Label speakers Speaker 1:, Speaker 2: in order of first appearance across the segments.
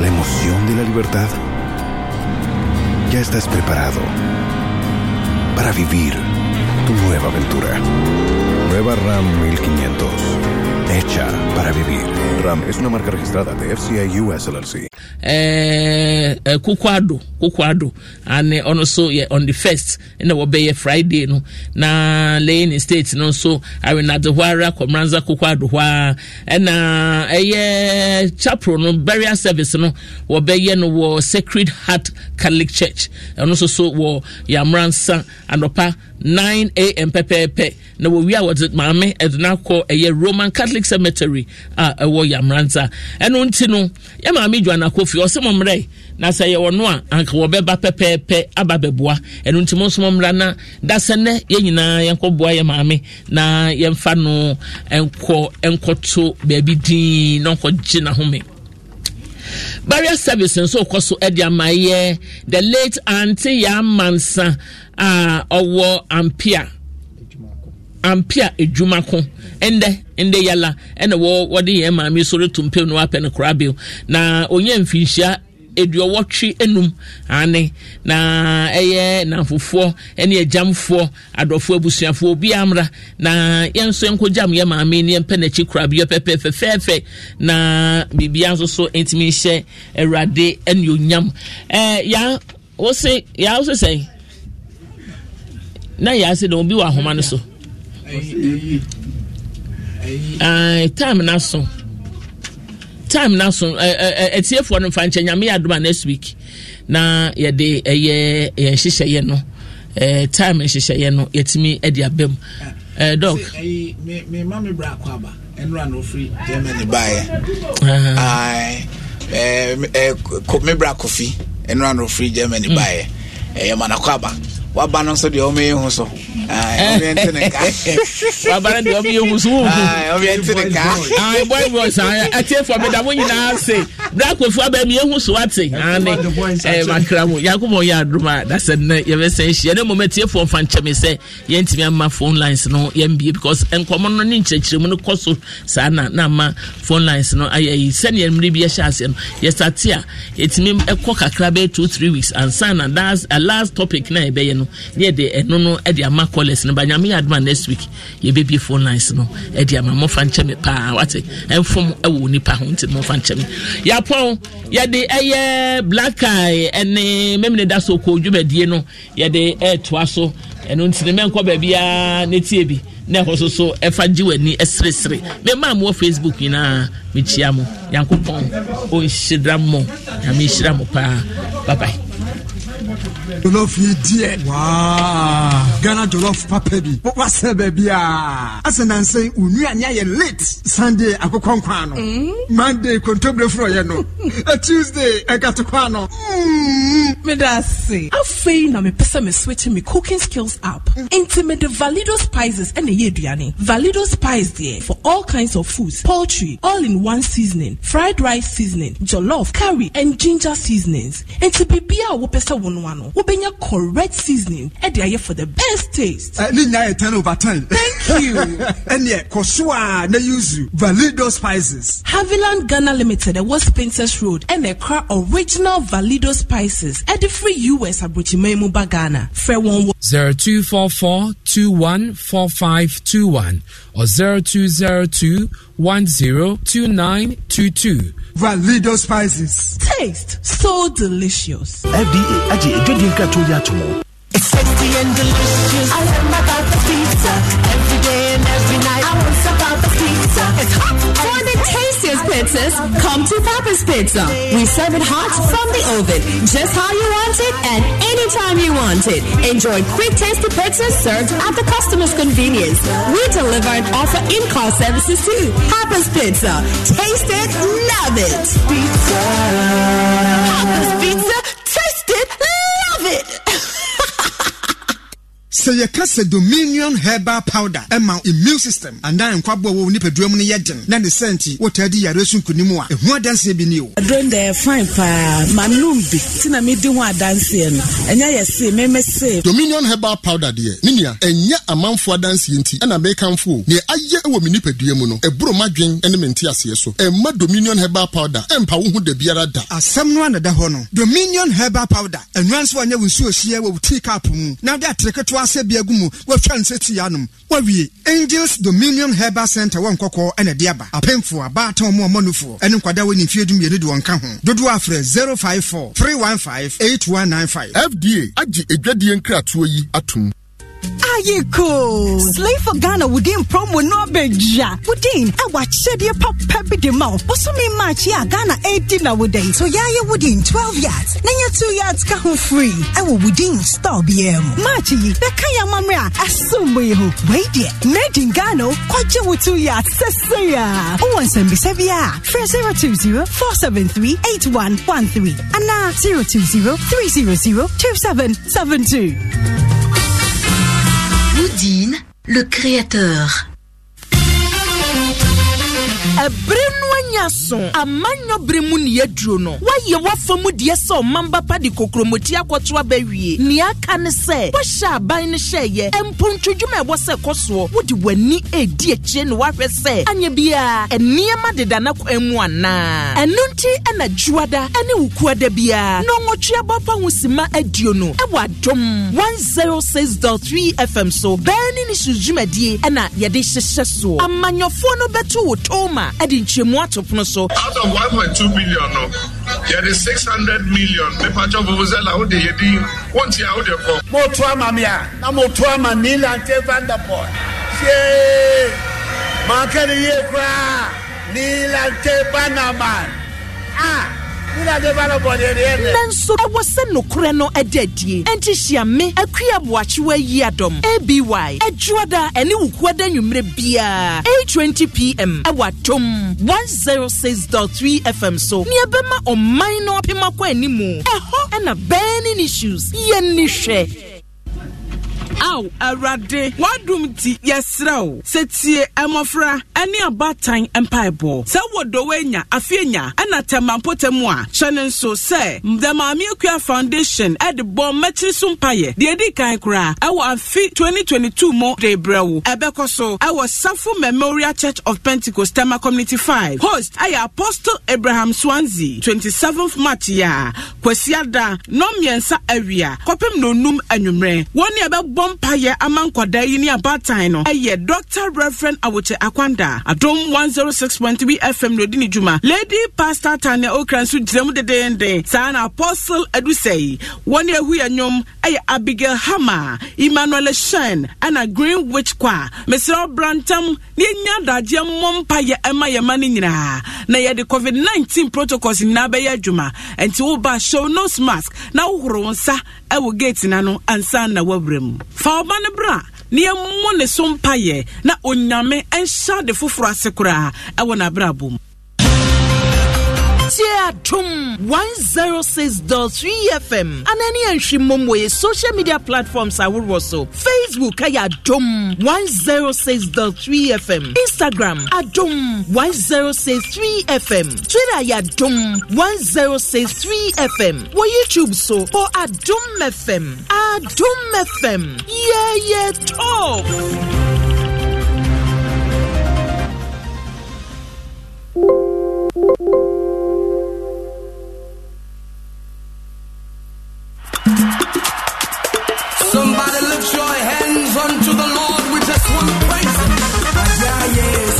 Speaker 1: la emoción de la libertad? Ya estás preparado para vivir tu nueva aventura. Nueva RAM 1500. hecha para vivir. Ram es una marca registrada de FCA US LLC.
Speaker 2: Eh, eh, Kukwado, Kukwado, and uh, eh, also yeah, on the first, and will be a Friday. No, na laying in states, no, so I will not the Wara, Comranza, Kukwado, and a chapel, no, burial service, no, will be no, war Sacred Heart Catholic Church, and also so war Yamransa and Opa. nine a.m. pɛpɛɛpɛ na wɔwie a wɔde maame ɛde no akɔ ɛyɛ roman catholic cemetery a ɛwɔ yamranta ɛno nti no yɛ maame dwana kofi ɔsɛ mɔmmerɛ na sɛ yɛwɔ no a anka wɔbɛba pɛpɛɛpɛ aba bɛboa ɛno nti mo nso mɔmmra na dasɛ nɛ yɛn nyinaa yɛnkɔboa yɛ maame na yɛmfa no ɛnkɔ ɛnkɔto baabi din na ɔnkɔgye n'ahome barrier service nso kɔ so ɛde ama yɛ the late aunty yamansa ɔwɔ ampia ampia edwumako ɛndɛ ɛndɛ yala ɛna wɔ wɔde yɛn maame so retu mpem na apɛ no koraa bio na onye mfinhyia eduowɔtwe enum ane na ɛyɛ nanfofoɔ ɛne agyamfoɔ adɔfoɔ abusuafoɔ obi amra na yɛn nso nko yɛ maame ne yɛmpɛ n'akyi kora bi pɛpɛ fɛfɛɛfɛ na biribia nso so ntumi nhyɛ awurade ɛne onyam ɛɛ yaa wose yaa wose sɛn. na yɛ ase dɛm obi wɔ ahoma no so time na so time na so atiefoɔ no mfa nkyɛn nyame yɛ adoma next week na yɛde ɛyɛ yɛn hyehyɛeɛ no time nhyehyɛeɛ no yɛtumi de aba mu dɔk
Speaker 3: mema me brɛ akɔ aba ɛnora na ɔfiri germany baeɛ me mm. brɛ akɔfi ɛnora na ɔfiri germany baeɛ ɛyɛ manakɔ aba waba no nso deɛ ɔmo ehu so eh. ɔmo ɛnti ne ka
Speaker 2: waba no deɛ ɔmo ehu so wuhu ɔmo ɛnti ne ka ayi boy boys ayi ati efo abedamo nyinaa se blakofo abɛ mi ehu so ate ani eh, ɛɛ makra mu yakubu ɔyɛ aduma dasɛ nnɛ yɛbɛ sɛ nhyia ne mɔmɔ ati efo nfa nkyɛn mi sɛ yɛn ntumi ama phone lines no yɛn bie because nkɔmɔ no ne nkyerɛkyerɛ mu no kɔ so saa na na ama phone lines no ayɛ yi sɛnea mmiri bi ɛhyɛ aseɛ no yɛsate a etumi ɛkɔ kakra bɛyɛ two three weeks ansa na last topic na ɛbɛyɛ no no ne yɛde ɛno no de ama callers no ba nyame yɛ adoma next week yɛbɛbie phone lines no de ama mmɔfa nkyɛ me paa wate ɛmfom wɔ nipa ho nti mmɔfa nkyɛ me yɛapɔn yɛde ɛyɛ black eye ɛne memene da so kɔ dwumadie no yɛde ɛɛtoa so ɛno ntini mɛnkɔ baabiaa ne tie bi na ɛhɔ so so ɛfa gye w'ani ɛseresere mema mowɔ facebook nyinaa mekyia mo nyankopɔn ɔnhyira mmɔ na menhyira mo paa bye jolof yi deɛ
Speaker 4: waa ghana jollof papa bi wasɛ baabi ah? a asɛ nansɛn onua ne ayɛ late sunday akokɔ nkwa eh? no monday kontobire foro yɛ no a tuesday ɛgatokwa no meda mm. ase afei na mepɛ sɛ me switch
Speaker 5: me cooking skills up nti mede valido spices ɛna ɛyɛ aduane valido spice deɛ for all kinds of foods poultry all in one seasoning fried rice seasoning jollof curry and ginger seasonings nti biribiara a wopɛ sɛ wo we bring your correct seasoning ɛde here for the best taste. I need yɛ ten over ten. thank you. ɛnìyɛ kɔsó a ne yuzu valido spices. haviland ghana limited West Princess road And the car original valido spices the free us aburukyimai mu ba one. fɛ zero two four four two one four five two one or zero two zero two one zero two nine two two. Valido spices. Taste so delicious.
Speaker 4: FDA, Aji,
Speaker 5: It's tasty
Speaker 6: and delicious. I pizza every day. Papa's pizza. It's hot for the tastiest pizzas. Come to Papa's Pizza. We serve it hot from the oven, just how you want it and anytime you want it. Enjoy quick, tasty pizzas served at the customer's convenience. We deliver and offer in-car services too. Papa's Pizza. Taste it, love it. Pizza. Papa's Pizza. Taste it, love it.
Speaker 3: sɛ yɛka sɛ dominion herbal powder ɛma immune system anaa nkwaboa
Speaker 4: wɔ nipadua mu no yɛ den na ne sɛ nti wotaa di yare so nkonim a ɛho adanseɛ bi ne o adron dɛ fine paa manom bi nti na medi ho adanseɛ no ɛnyɛ yɛ see meme see dominion herbal powder deɛ ne nua ɛnyɛ amanfoɔ adanseɛ nti ɛna mekamfo o neɛ ayɛ wɔ me nipadua mu no ɛboro madwen ne me nte aseɛ so ɛmma dominion herbal powder ɛmpa wo ho da biara da asɛm no anada hɔ no dominion herbal powder ɛnoa nso anyɛ wo nsuo hyiɛ wɔ wo tii kap mu
Speaker 3: na wode atere asɛ bi agu mu wɔatwa ne sɛ ti anom wɔawie angels dominion herbal center wɔ nkɔkɔɔ ɛna de aba apemfo abaatan ɔmo ɔmɔnofoɔ ɛne nkwadaa wɔ ne mfie du mmienu de wɔn ka ho dodoɔ
Speaker 4: afrɛ 054 315 8195 fda agye adwadie nkratoɔ yi atum.
Speaker 6: ayɛ ko slave ghana wodin promo no abɛdwa wodin ɛwɔ akyɛdeɛ papa bi de ma wo bosome match a ghana ɛdi na wodɛn so yɛayɛ wodin 12 yards Then nyɛ 2 yards come free I wodin store biara mu maakye yi the yɛ amammerɛ assume you yi ho wei made in ghana kɔgye wo 2 yards sɛsɛe oh, a and nsɛmbisa bi a frɛ 020 473 8113 anaa 020 300 2772
Speaker 4: le créateur. anya so amanyɔbere mu ne yɛduro no woayɛ woafa mu deɛ sɛ ɔmamba de kokromoti akɔto abɛwie nea aka ne sɛ woahyɛ aban no hyɛeɛ mpontwodwuma ɛwɔ sɛ ɛkɔ soɔ wode w'ani adi akyire ne woahwɛ sɛ anyɛ biara ɛnneɛma deda na kwan mu anaa ɛno nti ɛna dwuada ne wo kuada biara na ɔwɔtwe abɔpa ho sima aduo no ɛwɔ adom 106.3 fm so bɛɛ ne ne sudwumadie ɛna yɛde hyehyɛ soɔ amanyɔfoɔ no bɛto wo toma ɛde nkyɛmu ato sopono so. out of one point two billion no yɛde six hundred million nipa tí wọn fọwọ́ sẹ́la ó de yẹ di wọ́n ti yà ó de kọ. mo tó a ma
Speaker 7: mi a na mo tó a ma ní lantɛ vanderpool ṣe màá
Speaker 4: kẹ́ni yé kura ní lantɛ bannerman a. Ah nanso ɛwɔ sɛ nokorɛ no ɛda adie ɛnti hyia me akua aboakyewa yi adɔm aby adwoada ɛne wokuada nnwummerɛ biara 820pm ɛwɔ atom 106.3 fm so nea ɛbɛma ɔman no apem akɔ animu ɛhɔ ɛna bɛɛ ne ne shoes yɛnni hwɛ aw awurade wadum ti yɛsrɛ wo sɛ tie mmɔfra
Speaker 5: ne abatan mpaebɔ sɛ wɔdɔwɔ anya afei nya ɛna tɛmampotɛ mu a hyɛ ne nso sɛ the maame akua foundation de bɔ mmakyiri so mpayɛ deɛ ɛdi kan koraa ɛwɔ afe 2022 mu de brɛ wo ɛbɛkɔ so ɛwɔ safo memorial church of pentecost tema community 5 host ɛyɛ apostle abraham swansea 27th march yɛ a kwasiada nɔmmiɛnsa awia kɔpem nonum onum anwummerɛ wɔn ɛbɛbɔ ɛbɔ mpayɛ ama nkwadaa yi ne abaatan no ɛyɛ dr reverend awokye akwanda adom 106.3 fm na odi ne lady pastor tania okra nso gyina mu dedenden saa na apostle adusɛi wɔne ahu yɛ nnwom ɛyɛ abigail hama emmanuel shen ɛna greenwich kwa mesrɛ brantam ne ɛnya adagyeɛ mmɔ mpayɛ ɛma yɛma no nyinaa na yɛde covid-19 protocols nyinaa bɛyɛ adwuma ɛnti woba show nose mask na wohoro nsa ɛwɔ gate na no ansa na wabrɛ mu fa ɔba no bra ne yɛmmɔ ne so mpayɛ na onyame ɛnhyɛ ade foforɔ
Speaker 4: ase koraa ɛwɔ n'abrabɔ mu tie adum 106.3 fm anani ɛnhwi mmom wɔ yɛ social media platforms ahodoɔ so facebook one zero oh six adum three fm instagram adum oh three fm twitter one zero six three fm wɔ youtube so bɔ adum fm adum fm Yeah tɔɔ. Thank you.
Speaker 6: To the Lord with just one praise. Yeah, yeah.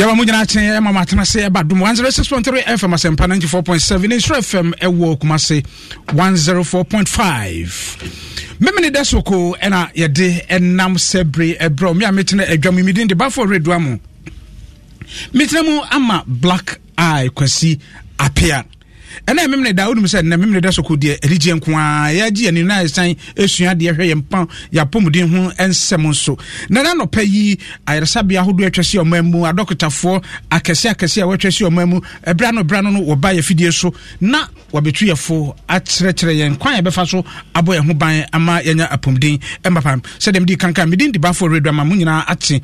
Speaker 3: yɛba mu nyinaa kyene ɛma mo atena se ɛba dom 106.3 fm asɛmpa 94.7 nsoro fm ɛwɔ kuma se 104.5 memene da soko ɛna yɛde ɛnam sɛ bere ɛberɛ me a metena adwa mu medin de bafo redua mu metena mu ama black eye kwasi apea ɛna ɛmem ne da wonim sɛ nnɛ mem ne da soko deɛ anigyeɛ nko a yɛagye ani no ɛsan ɛsua deɛ hwɛ yɛmpa yɛapɔmuden ho ɛnsɛm nso na na nɔpa yi ayaresabea ahodoɔ atwa sɛ ɔma mu adɔkotafoɔ akɛse akɛse a wɔatwa sɛ ɔma mu ɛberɛ no berɛ no no wɔba yɛfidie so na wabɛtu yɛfo akyerɛkyerɛ yɛn kwan yɛbɛfa so abɔ yɛn ho ban ama yɛanya apɔmuden ɛmapam sɛdeɛ mede kanka medin debafo radio ama mo nyinaa ate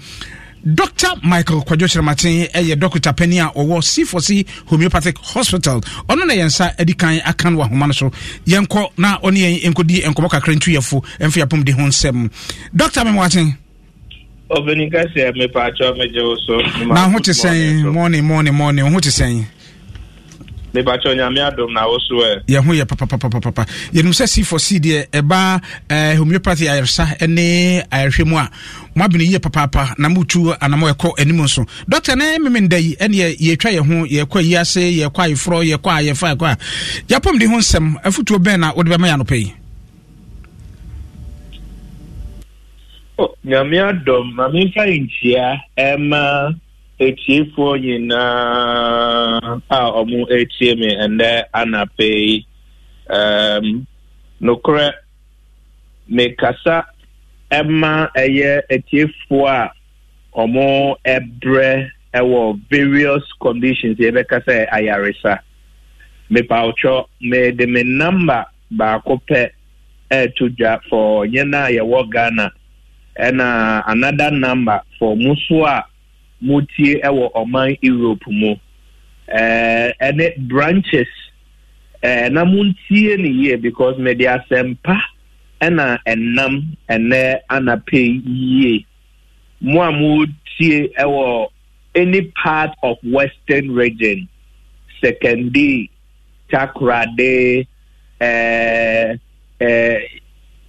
Speaker 3: dr michael kwadwo kyerɛmaten ɛyɛ dɔkta pani a ɔwɔ c homeopathic hospital ɔno na yɛnsa adi kan aka no wahoma no so yɛnkɔ na ɔne yɛn nkɔdi nkɔmmɔ kakra ntuyɛfo ɛmfa yɛapɔmde ho nsɛm dr memwaten
Speaker 7: ɔbɛni kasɛ mepaakyɛ megye wo so na ho te sɛn
Speaker 3: mɔne mɔne mɔne wo ho te sɛn
Speaker 7: mebakyɛ onyame adom na wo so ɛ
Speaker 3: yɛho yɛ papapapapapa yɛnum sɛ c4c deɛ ɛba eh, homeopathy ayaresa ne ayarehwɛ mu a moabene yie papaapa na motu anama ɛkɔ anim nso dɔkta ne memenda yi ɛne yɛtwa yɛ ho yɛkɔ yi ase yɛkɔ ayeforɔ yɛkɔ a yɛfa yɛkɔ a yɛapɔm de ho nsɛm afotuo bɛn na wode bɛma yɛ anɔpɛ yi
Speaker 7: oh, nyame adom ma memfa nkyia ɛma etiefoɔ nyinaa a ɔmo etie mi ɛnɛ anapa yi um, nokorɛ mekasa ɛma ɛyɛ etiefoɔ a ɔmo ɛbrɛ ɛwɔ various conditions yɛbɛkasa ayaresa mepawotwɔ mede me namba baako pɛ e ɛɛto dwa for nyɛ na yɛwɔ ghana ɛna another number for muso a motie ɛwɔ ɔman europe mu ɛɛ eh, ɛne branches ɛɛ eh, na montie ne yie because mɛ de asɛmpa ɛna ɛnam ɛnɛ anapɛ yie mo a motie ɛwɔ any part of western region sekendi Takurade, ɛɛ eh, ɛɛ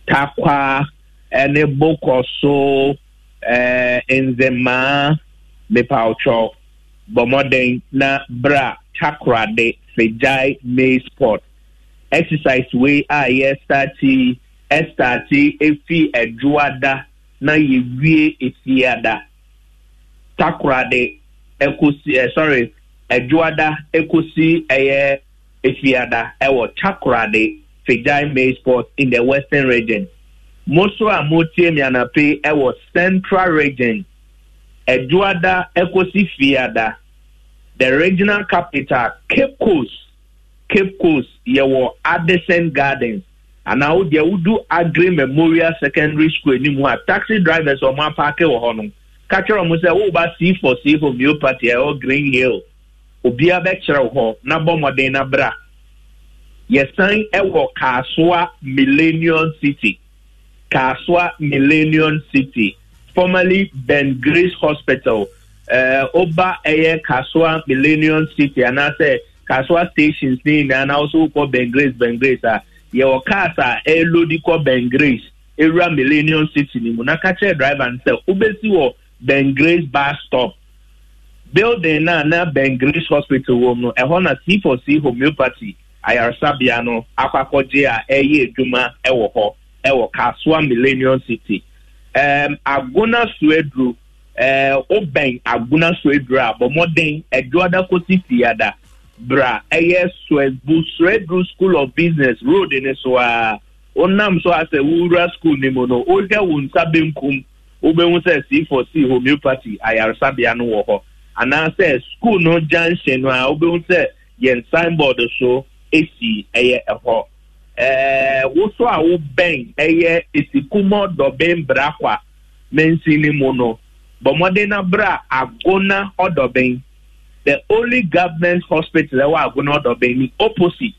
Speaker 7: takwa ɛne bokoso ɛɛ nzemaa mepa ɔtwɔ bɔmmɔden na bra takorade segyae may sport exercise wei a yɛstati ɛstati efi e e adwoada na yɛwie efiada takorade ekosi ɛ eh, sorry e adwoada ekosi ɛyɛ efiada ɛwɔ takorade segyae may sport in the western region mo so a mo tie mi anape central region. Eduada Ekosi Fiada, the regional capital, Cape Coast, Cape Coast, yɛwɔ Addison Gardens, and wo deɛ wodu Agri Memorial Secondary School anim a taxi drivers ɔmo apaake wɔ hɔ no, ka kyerɛ ɔmo sɛ woba C for C for Muopati ɛwɔ Green Hill, obiara bɛkyerɛ hɔ na bɔ mmɔden na bra. Yɛsan ɛwɔ Millennium City, Kaasoa Millennium City. formerly Ben Grace Hospital. Uh, Oba ɛyɛ Kasua Millennium City anaasɛ Kasua stations ne nyinaa na ɔso kɔ Ben Grace Ben Grace a yɛwɔ cars a ɛɛlodi kɔ Ben Grace ewura Millennium City ne mu na kakyɛ driver no sɛ wobɛsi wɔ Ben Grace bus stop building na na Ben Grace Hospital wɔ mu no ɛhɔ na C4C homeopathy ayaresabea no akɔ akɔgye a ɛyɛ adwuma ɛwɔ hɔ ɛwɔ Kasua Millennium City. um, agona so aduro uh, eh, wobɛn agona so aduro a bɔ mmɔden bra ɛyɛ soɛbu school of business road ni ọ a wonam so asɛ wowura school ni mu no wohwɛ wo nsa benkum wobɛhu sɛ c for c homeopathy ayaresabea no wɔ hɔ anaasɛ school no no a wobɛhu sɛ yɛn signboard so esi ɛyɛ ɛhɔ. woso eh, a Ben ɛyɛ esikumɔ dɔbɛn brakwa mensi ni mu na bra agona ɔdɔbɛn the only government hospital ewe agona ɔdɔbɛn ni opposite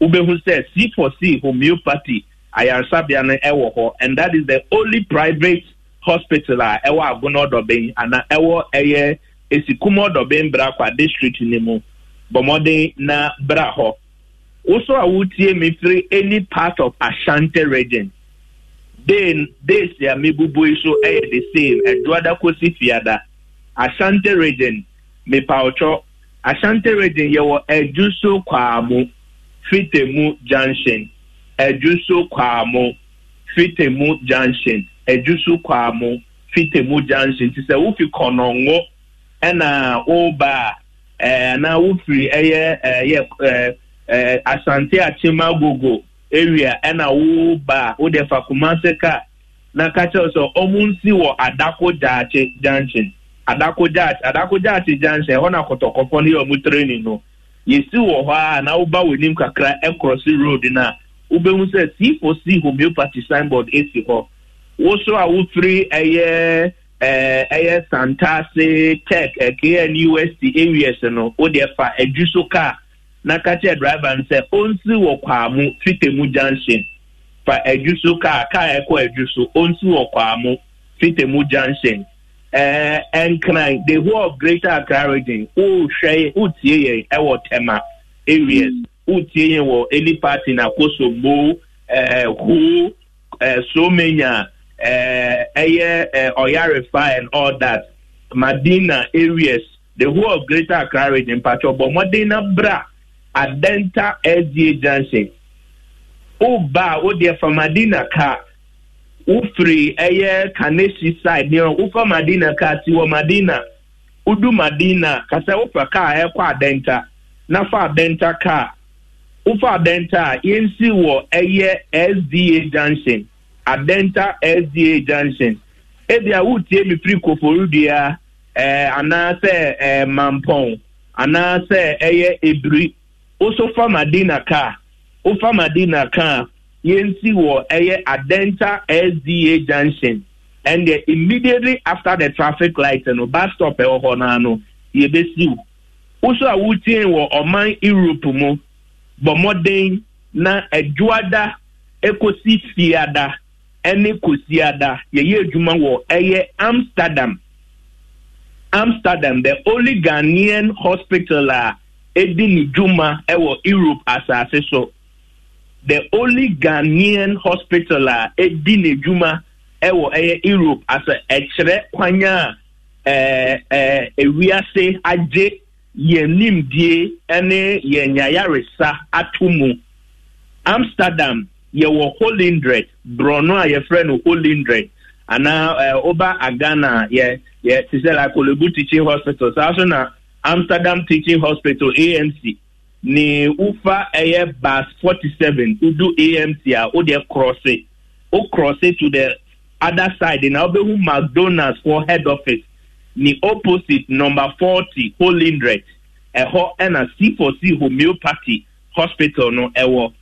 Speaker 7: wobɛhu c for c homeopathy ayaresabea no ewo hɔ and that is the only private hospital a ɛwɔ agona ɔdɔbɛn ana ɛwɔ ɛyɛ esikumɔ dɔbɛn brakwa district ni mu bɔmɔden na bra hɔ. woso a wotie mi firi any part of ashanti region den days a mebubu yi so yɛ the same aduada kosi fiada ashanti region mepawotɔ ashanti region yɛwɔ adwuso kwaamo fitemu junction adwuso kwaamo fitemu junction adwuso kwaamo fitemu junction ti sɛ wofi kɔnɔngo ɛna woba ɛɛ anaa wofiri ɛyɛ ɛyɛ ɛɛ ɛɛ eh, asante akyema agogo area ɛna woba wode fa kumase kaa na ka kyerɛ sɛ ɔmo nsi wɔ adako gyaakye junction adako gyaakye adako gyaakye junction ɛhɔ na kɔtɔkɔfɔ no yɛ ɔmo training no yɛsi wɔ hɔ a na woba wɔ anim kakra ɛkɔrɔsi road no a wobɛhu sɛ sifo si homeopathy signboard esi hɔ woso a wofiri ɛyɛ ɛɛ eh, ɛyɛ santaase tech ɛkɛyɛ ne usd areas no wode fa adwi kaa na ka kyerɛ driver no sɛ ɔnsi wɔ kwaa fitemu junction fa adwu kaa kaa ɛkɔ adwu so ɔnsi wɔ kwaa fitemu junction ɛɛ nkran the whole of greater accra region ɔɔhwɛ ɔɔtie yɛn ɛwɔ tɛma areas ɔɔtie yɛn wɔ any party na kosombo ɛɛ hoo ɛɛ somenya ɛɛ ɛyɛ ɛɛ ɔyarefa and all that madina areas the whole of greater accra region mpatsɔ bɔ mɔden na bra. adenta sda junction ụba a wodeɛ madina ka wofiri ɛyɛ kaneshi side ne ụfọ madina ka ti wɔ madina wodu madina kasɛ wofa eh, kaa ɛkɔ adenta na fa adenta ka ụfọ adenta a yɛnsi wɔ ɛyɛ sda junction adenta sda junction ebi a wotie mi firi koforudua ɛɛ eh, anaasɛ ɛɛ eh, mampɔn anaasɛ ɛyɛ ebiri. woso fa madina kaa wofa oh, madina kaa yɛnsi wɔ ɛyɛ adenta sda junction ɛndeɛ immediately after the traffic light no bus stop ɛwɔ eh, hɔ naa no yɛbɛsiw woso a wotie wɔ ɔman europe mu bɔ mmɔden na adwoada eh, ekosi fiada ɛne kosiada yɛyɛ adwuma wɔ ɛyɛ amsterdam amsterdam the only ghanaian hospital a. Uh, edi ne dwuma wɔ europe asase so the only ghanaian hospital a edi ne dwuma wɔ ɛyɛ europe asa ɛkyerɛ kwanya eh, eh, a ɛɛ ɛɛ ewiase agye yɛn nimdie ne yɛn nyayaresa ato mu amsterdam yɛwɔ holindred borɔno a yɛfrɛ no holindred anaa ɛɛ eh, ɔba agana yɛ yɛ te sɛ like olubu teaching hospital saa so na amsterdam teaching hospital amc ne Ufa ɛyɛ bus forty seven udu amc a o deɛ krɔse o krɔse to the other side na ɔbɛhu mcdonalds for head office ne opposite number forty holindred ɛhɔ ɛna c for c homeopathy hospital no ɛwɔ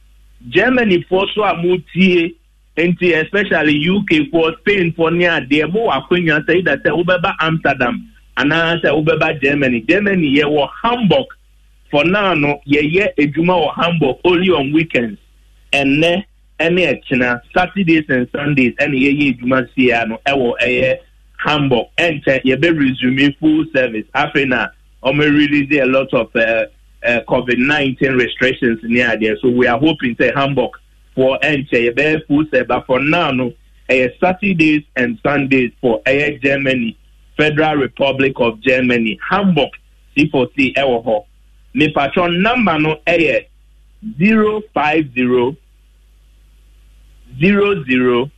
Speaker 7: germany fo so a mo tie nti especially uk fo spain fo ne adeɛ mo wɔ akonnwa sɛ yi da sɛ wobɛba amsterdam anaasɛ wobɛba germany germany yɛwɔ hamburg for now no yɛyɛ adwuma wɔ hamburg only on weekends ɛnɛ ɛne ɛkyena saturdays and sundays ɛne yɛyɛ adwuma sia no ɛwɔ ɛyɛ hamburg ɛnkyɛ yɛbɛ resume full service afei na ɔmo release a lot of uh, uh, covid nineteen restrictions ne adeɛ so we are hoping sɛ hamburg for ɛnkyɛ yɛbɛyɛ full service but for now no ɛyɛ saturdays and sundays for ɛyɛ germany. Federal Republic of Germany, Hamburg C40 ɛwɔ hɔ. Me patron number no ɛyɛ zero five zero zero zero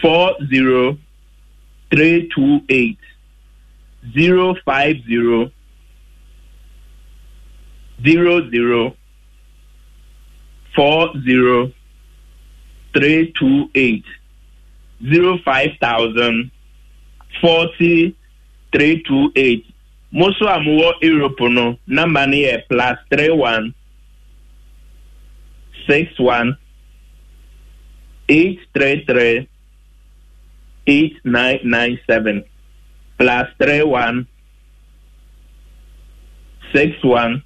Speaker 7: four zero three two eight zero five zero zero zero four zero three two eight zero five thousand forty three two eight mo nso a mo wɔ europe no namba no yɛ plus three one six one eight three three eight nine nine seven plus three one six one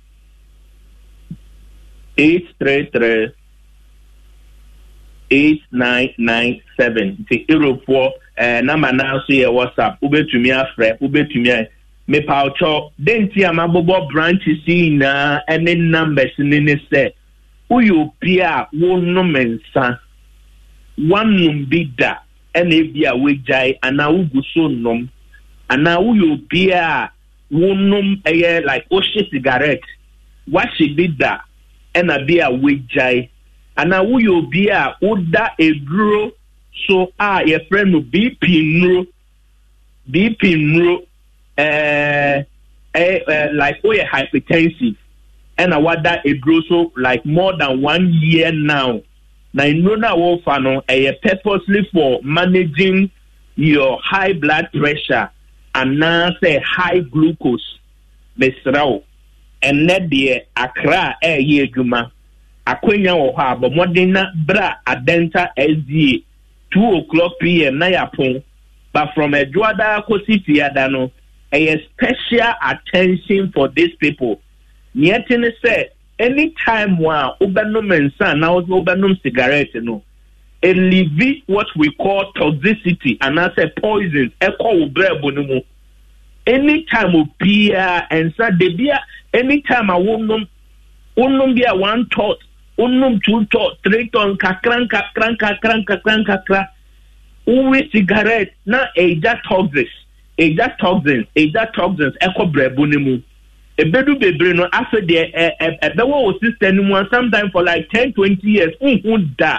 Speaker 7: eight three three eight nine nine seven nti europe wɔ. nama naa nso yɛ whatsapp wobɛtumi afrɛ wobɛtumi a mepawkyɛw de nti a mabobɔ branches yi nyinaa ɛne numbers ne ne sɛ woyɛ obi a wonom nsa woanom bi da ɛna ebi a woagyae anaa wogu so nnom anaa woyɛ obi a wonom ɛyɛ like wohye cigarette woahye bi da ɛna bi a woagyae anaa woyɛ obi a woda eduro so a yɛfrɛ no bp nnuro bp nnuro ɛɛ ɛ ɛ like woyɛ hypertensive ɛna wada eduro so like more than one year now na nnuro no a wɔrefa no ɛyɛ purposely for managing your high blood pressure anaasɛ high glucose mesrɛw ɛnɛ deɛ akra a ɛyɛ adwuma akonnwa wɔ hɔ a bɔ mmɔden na bra adenta ɛzie two o'clock pm na yɛapon but from adwoada kɔsi fiada no ɛyɛ special attention for these people neɛ te any time anytime a wobɛnom nsa na wobɛnom cigarette no elivi what we call toxicity and as anaasɛ poisons ɛkɔ wo brɛbo no mu anytime obiara nsa debia time a wonom wonom bi one thought wonum two ton three ton kakra nkakra nkakra nkakra nkakra wowe na eja toxins eja toxins eja toxins ɛkɔ brɛbo no mu ebedu bebree no afɛ deɛ ɛ e, ɛ e, ɛbɛwɔ e, wɔ system no mu and sometimes for like ten twenty years nhun da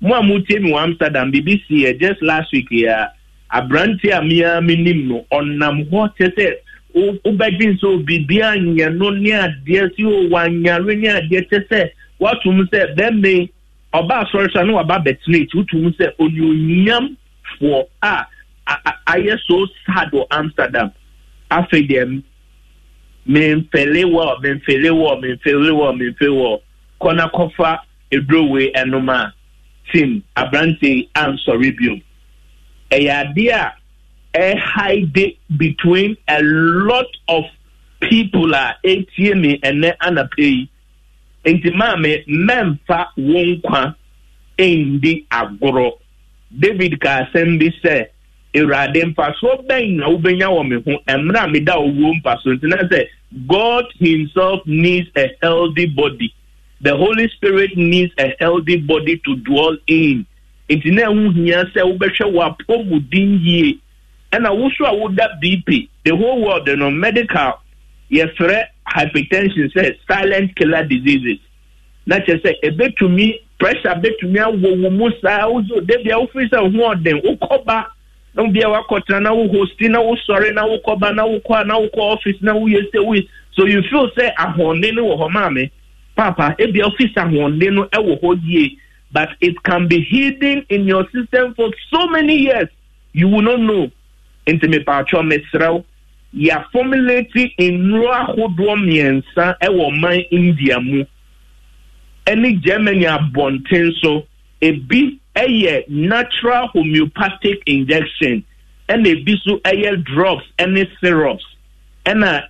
Speaker 7: mo a mo tie mi wɔ amsterdam bibi si yɛ eh, just last week ya eh, aberante a mia eh, mi nim no ɔnam hɔ kyerɛ sɛ wobɛdwi nso biribi anyɛ no ne adeɛ si o wanyare ne adeɛ kyerɛ sɛ watum sɛ bɛmɛ ɔba asɔresa na waba bɛtena eti wotum sɛ onyonyamfoɔ a ayɛ so sad wɔ amsterdam afei deɛ mmeɛnfɛle wɔ mmeɛnfɛle wɔ mmeɛnfɛle wɔ mmeɛnfɛle wɔ kɔna kɔfa edurowe ɛnum a tim aberante ansɔre bio ɛyɛ adeɛ a ɛhaide between a lot of people a etie mi ɛnɛ anapɛ yi nti maame mmɛmfa wo nkwa ndi agorɔ david ka asɛm bi sɛ awurade mfasoɔ bɛn na wobɛnya wɔ me ho mmerɛ a meda owuo mfasoɔ nti na sɛ god himself needs a healthy body the holy spirit needs a healthy body to dwell in nti na ɛho hia sɛ wobɛhwɛ wɔ apɔmuden yie ɛna woso a woda bp the whole world no medical yɛfrɛ hypertension sɛ silent killer diseases na kyerɛ sɛ ebetumi pressure betumi awɔ wɔ mu saa wozo debi a wofiri sɛ ho ɔden wokɔba na wo bia wakɔtena na wo hosti na wosɔre na wokɔba na wokɔ a na wokɔ office na woyɛ sɛ woyɛ so you feel sɛ ahoɔden no wɔ hɔ maame papa ebi office ahoɔden no ɛwɔ hɔ yie but it can be hidden in your system for so many years you will not know nti mipatwɔ mesrɛw yɛafɔmulate nnuro ahodoɔ mmiɛnsa wɔ man india mu ne germany abɔnten so ebi yɛ natural homeopathic injection ɛna ebi nso yɛ drops ne syrups ɛna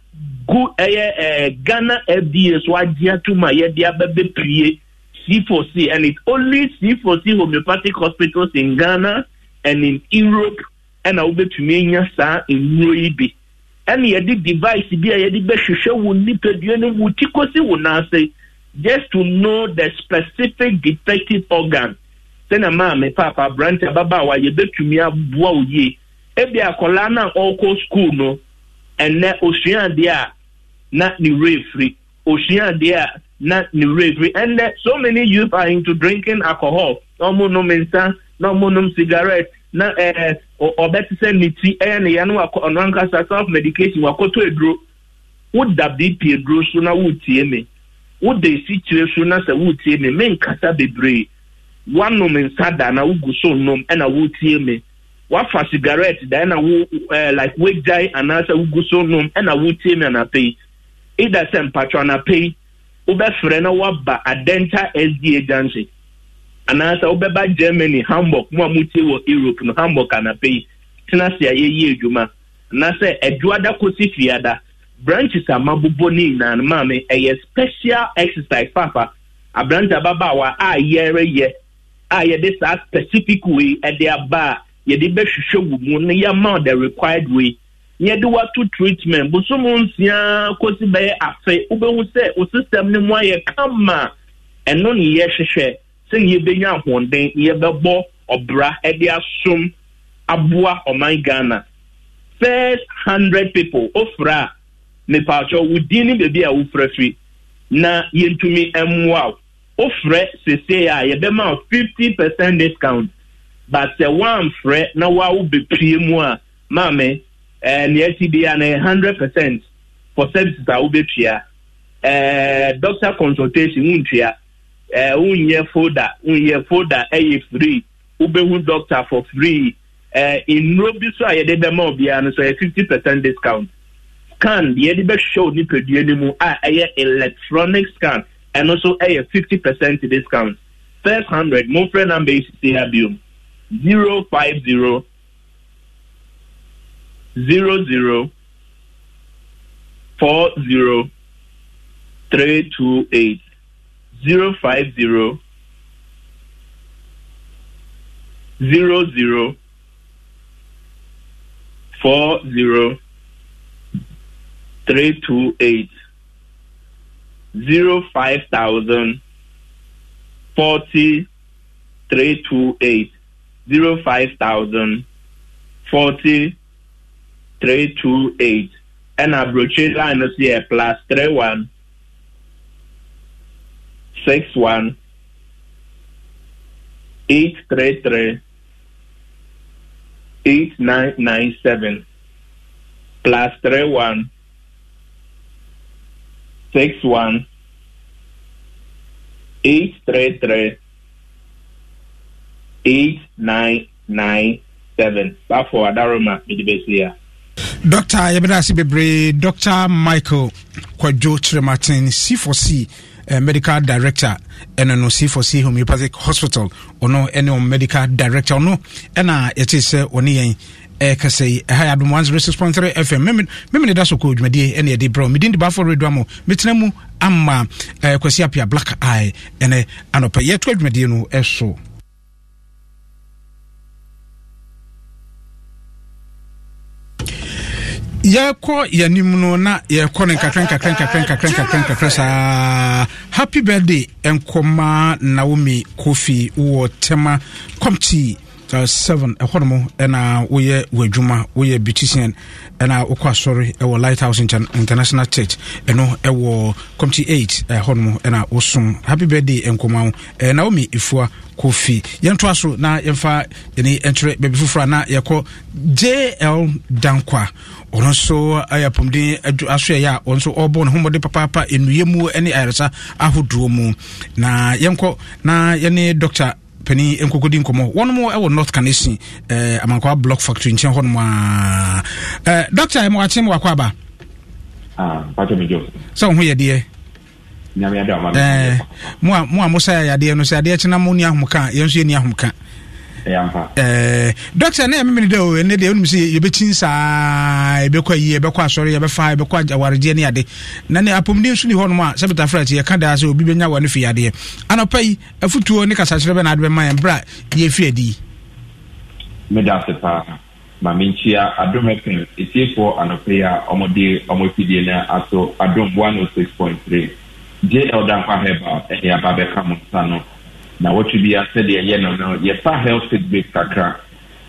Speaker 7: gu ɛyɛ ɛɛ eh, ghana fda so agye atum a yɛde abɛbɛpie c4c and it's only c4c homeopathic hospitals in ghana and in europe ɛna wobɛtumi anya saa nnuro yi bi ɛna yɛde device bi a yɛde bɛhwehwɛ wo nipadua no wo ti kosi wo nan ase just to know the specific defective organ sɛnɛ maame paapa aberante ababaawa yɛbɛtumi aboa wo yie ebi akwadaa no a ɔrekɔ school no ɛnɛ osua adeɛ a na ne wura efiri osua adeɛ a na ne wura efiri ɛnɛ so many youth are into drinking alcohol na wɔn nom nsa na wɔn nom cigarette na ɛɛ ɔbɛte sɛ ne ti ɛyɛ ne yɛn no wakɔ ankasa self medication wakɔtɔ eduro woda bp eduro so na wotie me woda esikyire so na sɛ wotie me menkasa bebree wanom nsa da na wogu so nom ɛna eh, wotie me wafa cigarette da ɛna eh, wo ɛɛ eh, like wegyae anaasɛ wogu so nom ɛna wotie me anapa yi either sɛ mpatwa anapa yi wobɛfrɛ na waba adenta sda junction anaasɛ wobɛba germany hamburg mu a motie wɔ europe no hamburg anapa yi tena se a yɛyi adwuma anaasɛ adwoada kɔsi fiada branches a mabobɔ ne nyinaa no maame ɛyɛ special exercise fafa aberante ababaawa a yɛreyɛ a yɛde saa specific way ɛde aba a yɛde bɛhwehwɛ wɔ mu na yɛma the required way yɛde wato treatment bosom nsia kɔsi bɛyɛ afe wobɛhu sɛ wo system no mu ayɛ kama ɛno ne yɛhwehwɛ sɛ yɛbɛnya ahoɔden yɛbɛbɔ ɔbra de asom aboa ɔman ghana first hundred people ofra a mepaakyɛ wo din ne baabi a wofra fi na yɛntumi mmoa wo ofrɛ sesee a yɛbɛma fifty percent discount but sɛ woamfrɛ na woawo bepie mu a maame ɛɛ eh, nea ɛsi bi a na hundred percent for services a wobɛtua ɛɛ eh, doctor consultation wontua Eh, wonyɛ folda wonyɛ folda ɛyɛ eh, free wobɛhu doctor for free eh, nnuro bi so a yɛde bɛma obiara no so yɛ fifty percent discount scan deɛ yɛde bɛhwɛ o nipadua no mu a ɛyɛ electronic scan ɛno so ɛyɛ fifty percent discount first hundred mo frɛ number yi sisi abiom zero five zero zero zero four zero three two eight zero five zero zero zero four zero three two eight zero five thousand forty three two eight zero five thousand forty three two eight ɛna aburokye line no so plus three one six one eight three three eight nine nine seven plus three one six one eight three three eight nine nine seven. Bafo Adaroma Midibesiya.
Speaker 3: Doctor, yɛbɛda ase bebree Doctor Michael Kwadwo Kyerɛmaten C4C uh, medical director ɛno no c4c homeopathic hospital ɔno ɛne ɔn medical director ɔno ɛna yɛte sɛ ɔne yɛn ɛkasa yi ɛha yɛ adom 106.3 fm memene da so kɔ dwumadie ɛne yɛde brɛ medin de baafo redoa mu metena mu ama eh, kwasi apia black eye ɛne anɔpɛ yɛto adwumadie no ɛso eh, yɛkɔ yɛnim no na yɛkɔ no nkakra nkakra nkakra nkakra nkakra nkakra saa happy birthday nkɔma naomi kofi wɔ tema comte uh, seven ɛhɔ no mu ɛna woyɛ w'adwuma woyɛ beautician ɛna wokɔ asɔre ɛwɔ lighthouse international church ɛno ɛwɔ comte eight ɛhɔ no mu ɛna wosom happy birthday nkɔma wo naomi ifua kofi yɛntoa so na yɛmfa yɛne ɛnkyerɛ baabi foforɔ a na yɛkɔ jl dankwa ɔno nso ayɛ eh, apɔmuden asoɛyɛ a ɔno nso ɔrebɔ ne homɔden papaapa nnua mu ne ayaresa ahodoɔ mu na yɛnkɔ na yɛne dr pani nkokɔdi nkɔmmɔ wɔnom ɛwɔ north canesi eh, amankoa block factory nkyɛn hɔnom a eh, dɔctor ɛmɔakye ma wakɔ aba ah, sɛ wo ho yɛdeɛ
Speaker 8: Eh,
Speaker 3: mo a mo sɛ yadeɛ no sɛ adeɛ kyena mo ni ahomka yɛn ni ahomka dɔkta ne eh, ɛmemene dɛ ɛnɛ deɛ wonim sɛ yɛbɛkyin saa yɛbɛkɔ ayi yɛbɛkɔ asɔre yɛbɛfa yɛbɛkɔ awaregyeɛ ne ade na ne apɔmuden nso ni hɔ nom a sɛ betafrɛt yɛka daa sɛ obi bɛnya wa no fi yadeɛ anɔpa yi
Speaker 8: meda ase paa ma menkyia adom fm ɛtiefoɔ anɔpa yi a ɔmɔde ɔmɔ afidie no ato adom jl dankwa heba ɛde aba bɛka mo nsa no na wɔtwe bi asɛdeɛ ɛyɛ no no yɛfa health food base kakra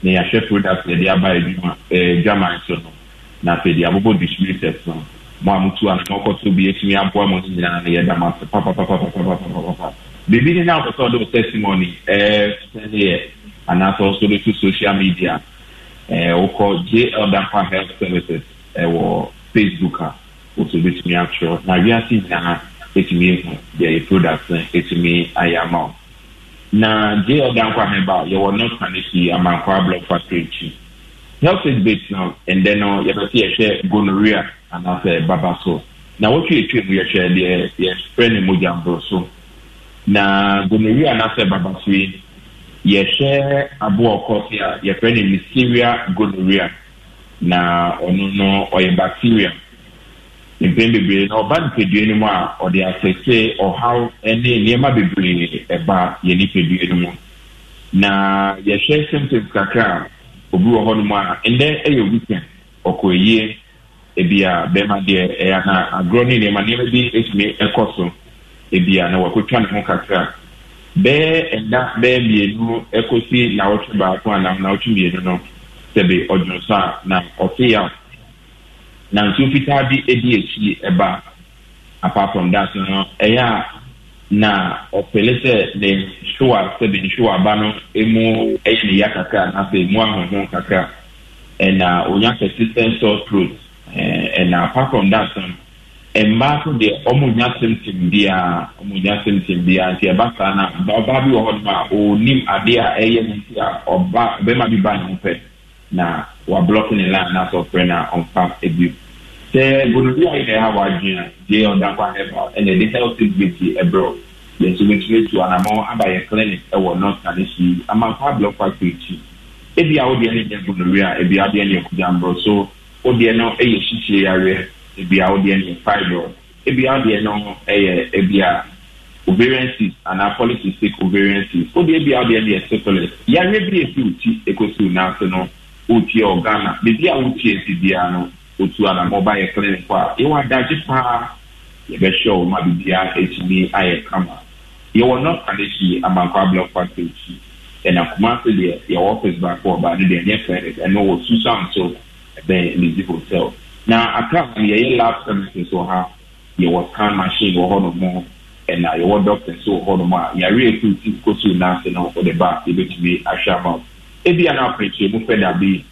Speaker 8: na yɛahwɛ product yɛde aba adwuma ɛɛ dwaman so no na afei de abobɔ distributors no mo a motu ano ɔkɔtɔ bi etumi aboa mo no nyinaa na yɛda mo ase papapapapapapapa beebi ne na akɔtɔ ɔde o testimony ɛɛ sɛdeɛ anaasɛ ɔso de to social media ɛɛ wokɔ jl dankwa health services ɛwɔ facebook a wɔtɔ betumi atwerɛ na wiase nyinaa ɛtumi ehu deɛ yɛ product no ɛtumi ayɛ ama wo na gye ɔda nkwa hɛn ba yɛwɔ north kanisi amankwa block factory akyi health aid base no ɛndɛ no yɛbɛsɛ yɛhwɛ gonorrhea anaasɛ baba so na wɔtwe etwe mu yɛhwɛ deɛ yɛfrɛ ne mogya mboro so na gonorrhea anaasɛ baba so yi yɛhwɛ aboɔ kɔse a yɛfrɛ ne mysteria gonorrhea na ɔno no ɔyɛ bacteria. mpɛn bebree na ɔba nipadua no mu a ɔde asɛsɛ ɔhaw ne nneɛma bebree ɛba yɛ nipadua no mu na yɛhwɛ symptoms kakra a obi wɔ hɔnom a ndɛ yɛ weekend ɔkɔ eyie ebi a bɛrima deɛ ɛyɛ na agorɔ ne nneɛma nneɛma bi etumi ɛkɔ so ebi a na wɔakotwa ne ho kakra bɛɛ nda bɛɛ mmienu ɛkɔsi na ɔtwe baako anam na ɔtwe mmienu no sɛbi ɔdwonso a na ɔte yaw. na nsuo fitaa bi di akyiri ba apart from that no ɛyɛ a na ɔpele sɛ ne nsuwa sɛbi nsuwa aba no emu ɛyɛ ne ya kakra na afei mu ahohom kakra ɛna onya persistent sore throat ɛna apart from that no mmaa nso deɛ wɔn nya symptom biara wɔn nya symptom biara nti ɛba saa na ɔbaa bi wɔ hɔ nom a onim adeɛ a ɛyɛ ne ti a ɔba bɛrima bi ba ne ho pɛ na wablɔke ne line na sɔfrɛ na ɔmfa bio sɛ bonobi a yɛdɛ ha wadwen a gye ɔdankwa herbal ɛna ɛde health beauty ɛbrɛ yɛso bɛtumi tu anamɔ About yɛ clinic not am ɛwɔ north kanehyi amanfa blɔk factory akyi ebi a wodeɛ ne yɛ gonorrhea ebi a wodeɛ ne yɛ kudamborɔ so wodeɛ no e yɛ hyihye yareɛ ebi a wodeɛ ne yɛ fibro be a wodeɛ no e yɛ ebi a ovarian cyst anaa polycystic ovarian cyst wodeɛ ebi a wodeɛ ne yɛ syphilis yareɛ bi a efi wo ti ekosi wo nan so no wotie ɔghana beebi a wotie si bia no otu anamɔba yɛ clinic a yɛwɔ adagye paa yɛbɛhyɛ wɔn ma bibia etumi ayɛ kama yɛwɔ north kaneshi amankwa block factory ɛna e kumase deɛ yɛwɔ office baako ɔbaa no deɛ ɛnyɛ clinic e ɛna wɔ susan so ɛbɛn lizzy hotel na akra no yɛyɛ lab services wɔ ha yɛwɔ scan machine wɔ hɔnom ɛna e yɛwɔ doctors wɔ hɔnom a yɛareɛ kurusi kosu naase no wɔde ba yɛbɛtumi ahwɛ ama wɔn ebi a n'apɛkyɛ mu fɛ dabi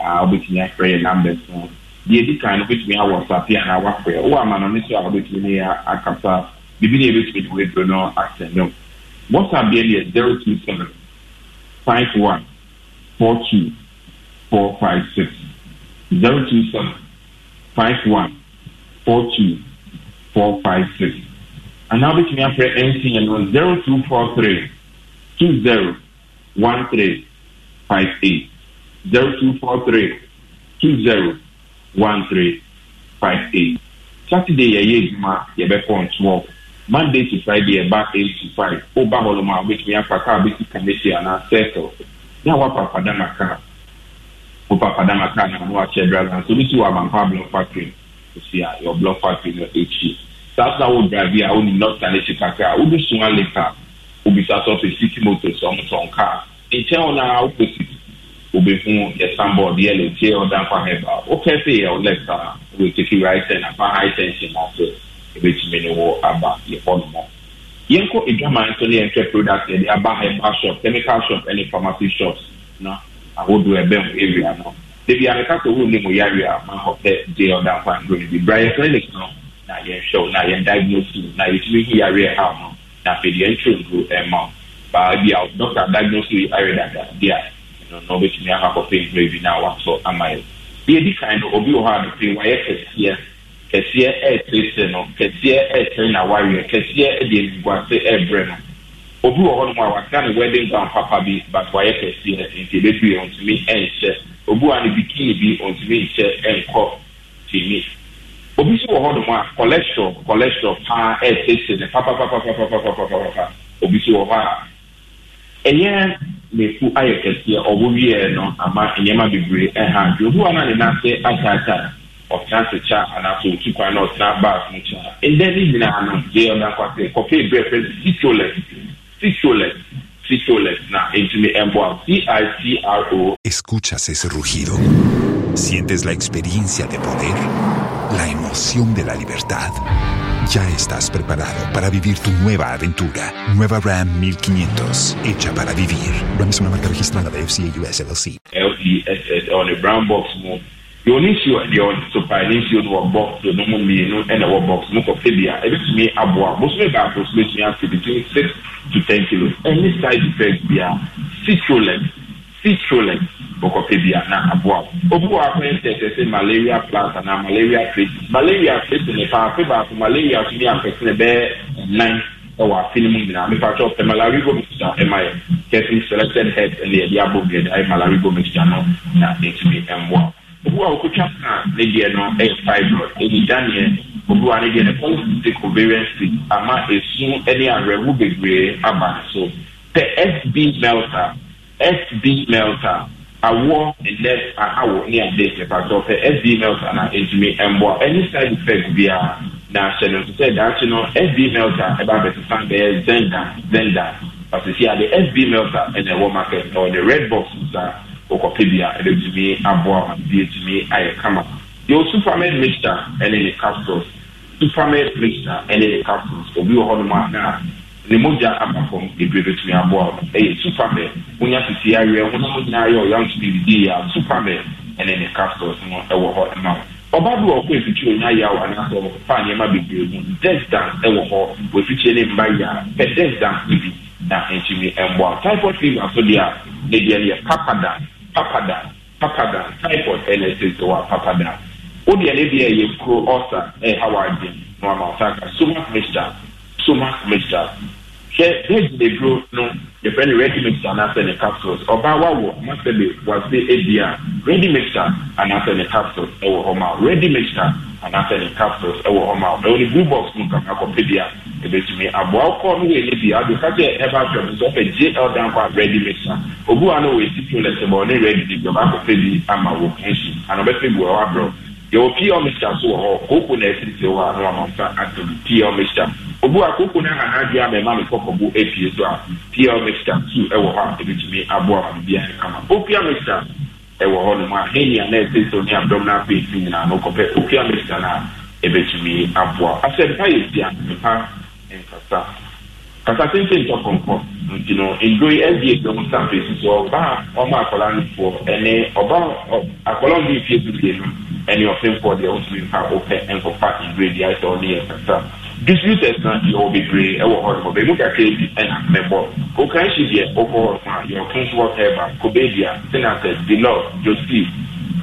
Speaker 8: a obetumi afrɛ yɛ numbers no deɛ edi kan no obetumi awɔ sapi a n'awafrɛ ɔwɔ ama no ne so a obetumi ne yɛ akasa bibi ne ebetumi ne waduro no asɛ no whatsapp deɛ deɛ zero two seven five one four two four five six zero two seven five one four two four five six anaa obetumi afrɛ nca no zero two four three two zero one three five eight zero two four three two zero one three five eight saturday yɛ yɛ edwuma yɛ bɛ kɔn twelve monday to friday yɛ ba eight to five o ba hɔ nom a obetumi afa kaa obetumi kanesi ana circle na wa papa dama kaa o oh, papa dama kaa na wa kyɛ drive na so obi si wa abankwa block factory o si a your block factory no ekyi saa saa wo drive yi a o ni north kanesi kakra o bi sun a litre o bi sa sɔ pe city motor sɔn kaa nkyɛn wɔn a wokɔ si wobɛhu yɛ sanbɔɔd yɛlɛ tie ɔda nkwa hɛba wokɛ sɛ yɛ wo left a wobɛteki right turn afa high tension na sɛ ɛbɛtumi ne wo aba yɛhɔnomɔ yɛnkɔ adwaman so ne yɛnhwɛ product yɛde aba hɛba shop chemical shop ne pharmacy shop na ahodoɔ ɛbɛn wo area no debi a meka sɛ wonni mu yare a ma hɔ pɛ gye ɔda nkwa nkuro no bi bra clinic no na yɛnhwɛ wo na yɛn diagnose na yɛtumi hu yare ɛha no na afei deɛ ɛntwerɛ nkuro ɛma eh, wo baabi a dɔkta diagnose yi ayɛ dada bi a ɛno no ɔbɛtumi aha kɔ pain brɛ bi na watɔ ama yɛ yɛdi kan no obi wɔ hɔ adope wayɛ kɛseɛ kɛseɛ ɛɛtɛɛtɛ no kɛseɛ ɛɛtɛɛ na wareɛ kɛseɛ ɛde enuguase ɛɛbrɛ no obi wɔ hɔnom a waka ne wedding gown papa bi but wayɛ kɛseɛ nti ebedue ɔntumi ɛnhyɛ obi wa ne bikini bi ɔntumi nhyɛ ɛnkɔ tini obi nso wɔ hɔnom a cholesterol cholesterol paa ɛɛtɛɛtɛ ne papapapapapapapapa obi nso wɔ hɔ a ɛyɛ lefu ayɛ kɛseɛ ɔbɔ wieɛ no ama nneɛma bebree ɛha adwo obi wa no a ne nase ataataa ɔtena se kyɛ anaasɛ ɔtu kwan na ɔtena baas no kyɛ ɛdɛ ne nyinaa no deɛ ɔdankwase kɔpee berɛ pɛ citolet citolet citolet na ɛntumi ɛmboa
Speaker 1: cicro escuchas ese rugido sientes la experiencia de poder la emoción de la libertad ya estás preparado para vivir tu nueva aventura. Nueva Ram 1500, hecha para vivir. Ram es una marca registrada de FCA US LLC.
Speaker 8: LDSS e on the brown box mo. Your issue and your supply issue no box to no mo no and our box no kofe bia. Ebi tumi aboa. Mo tumi ba ko tumi tumi between 6 to 10 kilos. Any side effect bia. Citrulent. six rolling bɔkɔpɛ bi a na aboa obi wɔ akɔyɛ sɛ sɛ malaria plant anaa malaria plate malaria plate ne paapɛ baako malaria so bi akɛse bɛyɛ nnan ɛwɔ afe no mu nyinaa mepatɛ malaria malarigo mixture ɛma yɛ kɛse selected head ɛne yɛde abɔ bi ɛde ayɛ malarigo mixture no na ɛtumi ɛmboa obi wɔ ɔkotwa na e ne deɛ no ɛyɛ fibroid ɛni daneɛ obi wɔ ne deɛ no polycystic ovarian cyst ama esu ɛne e awerɛho bebree aba so pɛ fb melter sb melta awoɔ nnɛ ahawɔ ne ade ɛpatɔ pɛ sb melta na ɛtumi mboa ɛne side effect biara na ahyɛ no nso sɛ daakye no sb melta ɛba abɛsesan bɛyɛ zenda zenda pasisi ade sb melta ɛna ɛwɔ market na ɔde red box nsa ɔkɔpɛ bi a ɛbɛtumi aboa bi ɛtumi ayɛ kama yɛwɔ supermed mixture ɛne ne capsules supermed mixture ɛne ne capsules obi wɔ hɔnom a na ne mogya aba fam bebree bɛtumi aboa wo ɛyɛ superman wonya sisi awerɛ na nyinaa yɛ ɔyam so biribi a superman ɛne ne castles no ɛwɔ hɔ ɛma wo ɔba bi wɔ kɔ afikyire nya yaw anaasɛ ɔfa nneɛma bebree mu death dance ɛwɔ hɔ wɔ ne mba yia pɛ death dance no bi na ntumi mboa typhoid fever so deɛ ne deɛ no yɛ papadan papadan papadan typhoid ɛna ɛsɛ sɛ wɔ papadan wo deɛ ne deɛ yɛ kuro ɔsa ɛyɛ haward na wɔn ama ɔsa ka so mixture so mixture sɛ bɛgyi de duro no yɛfrɛ no ready mixer anaasɛ ne capsules ɔbaa wawɔ amasɛ de wase adi a ready mix anaasɛ ne capsules ɛwɔ hɔ ma ready mixer anaasɛ ne capsules ɛwɔ hɔ ma ɛwɔ ne blue box mu kama akɔpɛ bi a ebetumi aboa ɔkɔ no wɔ ɛyɛ bi ado kakyɛ ɛba atwa nso ɔfɛ gl dan kɔ a ready mixer obu a no wɔ esi toilet bɔ ɔne ready di bɛ ɔba akɔpɛ bi ama wɔ nsu ana ɔbɛfɛ bi wɔ hɔ abrɔ yɛwɔ pii ɔmista so wɔ hɔ kooko na ɛsisi hɔ a no nsa ato pii ɔmista obu akoko na nana adi ama ɛma mi kɔkɔbu apie so a pl mixta two ɛwɔ hɔ a ebitumi aboa wɔn bi ayɛ kama opia mixta ɛwɔ hɔ nom a henia na ɛsɛ so ne abdominal pain fi nyinaa no kɔpɛ opia mixta na ebitumi aboa asɛmpa yɛ bia mpa nkasa eh, kasa tenten tɔ kɔnkɔ nti no nduro yi ɛdi ebi ɔmo san fesi so ɔbaa ɔmo akɔla no foɔ ɛne ɔbaa akɔla no bi fie so fie no ɛne ɔfɛnfoɔ deɛ ɔmo tumi mpa ɔpɛ nkɔfa nduro kasa diseases na yɛwɔ bebree ɛwɔ hɔ nomɔ bɛmu kakra bi ɛna mɛbɔ wokan hye deɛ wokɔ hɔ no a yɛwɔ kingsworth herba kobedia senator delor joseph